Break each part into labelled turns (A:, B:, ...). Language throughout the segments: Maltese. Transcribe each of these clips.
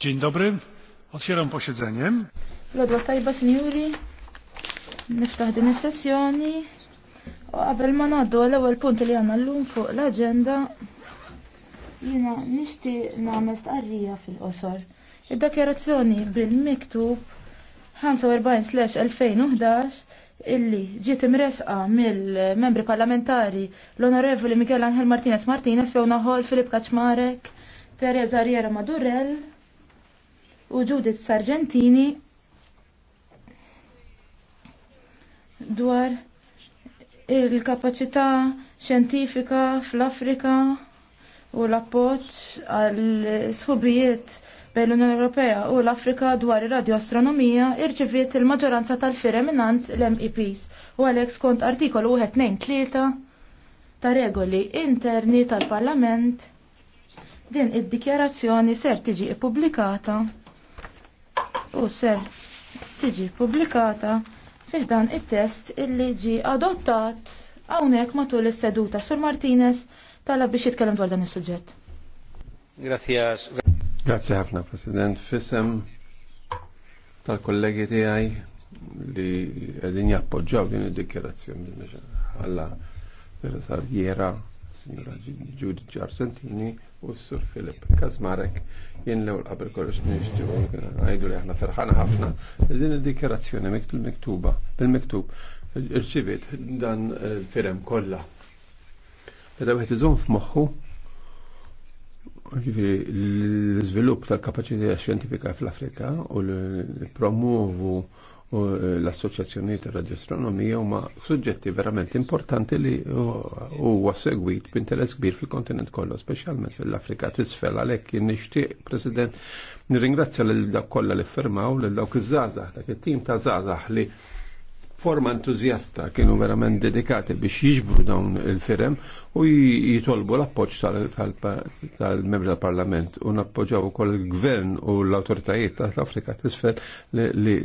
A: Dzień dobry. Otwieram posiedzenie.
B: Lodwa tajba, signori. Niftaħ din is-sessjoni. U qabel ma ngħaddu l-ewwel punt li l-lum fuq l agenda Jina nishti namest arrija fil-qosor. Id-dakjarazzjoni bil-miktub 45/2011 illi ġiet imresqa mill-membri parlamentari l-Onorevoli Miguel Angel Martinez Martinez, Fiona Hall, Filip Kaczmarek, Teresa Riera Madurell u Judith Sargentini dwar il-kapacità xjentifika fl-Afrika u l-appoġġ għal sħubijiet bejn l-Unjoni Ewropea u l-Afrika dwar ir-radioastronomija irċeviet il-maġġoranza tal-firem minant l-MEPs u għalhekk skont artikolu tlieta ta' regoli interni tal-Parlament din id-dikjarazzjoni ser tiġi ippubblikata u ser tiġi pubblikata fih dan it-test illi ġi adottat hawnhekk matul is-seduta Sur Martinez talab biex jitkellem dwar dan is-suġġett. Grazie.
A: Grazie ħafna, President. Fissem tal-kollegi tiegħi li għedin jappoġġaw din id-dikjerazzjoni għalla Jera, Signora Judy Giargentini u Sur Filip Kazmarek lew l qabel kollox nishtu għajdu li aħna ferħana ħafna din id-dikjerazzjoni miktuba bil-miktub irċivit dan il-firem eh, kollha. Meta wieħed iżomm f'moħħu l-izvilupp tal-kapacità xjentifika fl-Afrika u l-promuvu l-assoċjazzjoni tal-radioastronomija huma suġġetti verament importanti li huwa segwit b'interess kbir fil-kontinent kollu, speċjalment fil-Afrika tisfel għalhekk jien nixtieq President nirringrazzja lil dak kollha li firmaw lil dawk iż-żgħażagħ dak it-tim ta' żgħażagħ li forma entuzjasta kienu verament dedikati biex jiġbru dawn il-firem u jitolbu l-appoġġ tal-membri tal-Parlament u nappoġġaw ukoll il-Gvern u l-awtoritajiet tal-Afrika tisfer li l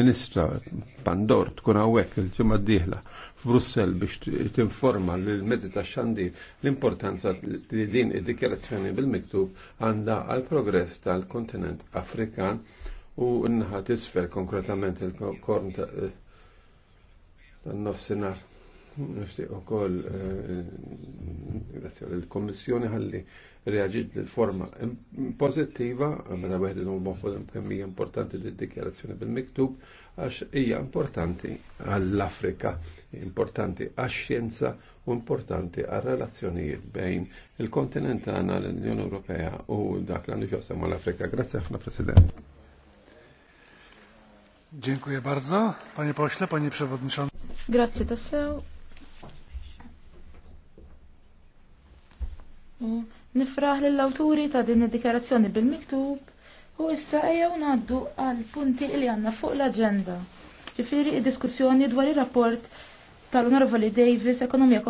A: ministra Pandor tkun hawnhekk il-ġimgħa d-dieħla f'Brussell biex tinforma lill-mezzi tax-xandir l-importanza li din id-dikjarazzjoni bil-miktub għandha għal progress tal-kontinent Afrikan u n isfer konkretament il-korn għal-nofsinar. nofsinhar u ukoll eh, grazie l-Kommissjoni ħalli reaġit l-forma pozittiva, meta wieħed iżommu kemm kemmija importanti l dikjarazzjoni bil-miktub, għax hija importanti għall-Afrika, importanti għax-xjenza u importanti għal-relazzjonijiet bejn il-kontinent għana l-Unjoni Ewropea u dak l għandu ġosem mal-Afrika. Grazie għafna, President. Dziękuję bardzo. Panie pośle, panie przewodniczący.
B: Grazzi tassew. Nifraħ lill-awturi ta' din id-dikarazzjoni bil-miktub u issa ejjew ngħaddu għal punti li għandna fuq l-aġenda. Ġifieri id-diskussjoni dwar ir-rapport tal-Onorevoli Davis, ekonomija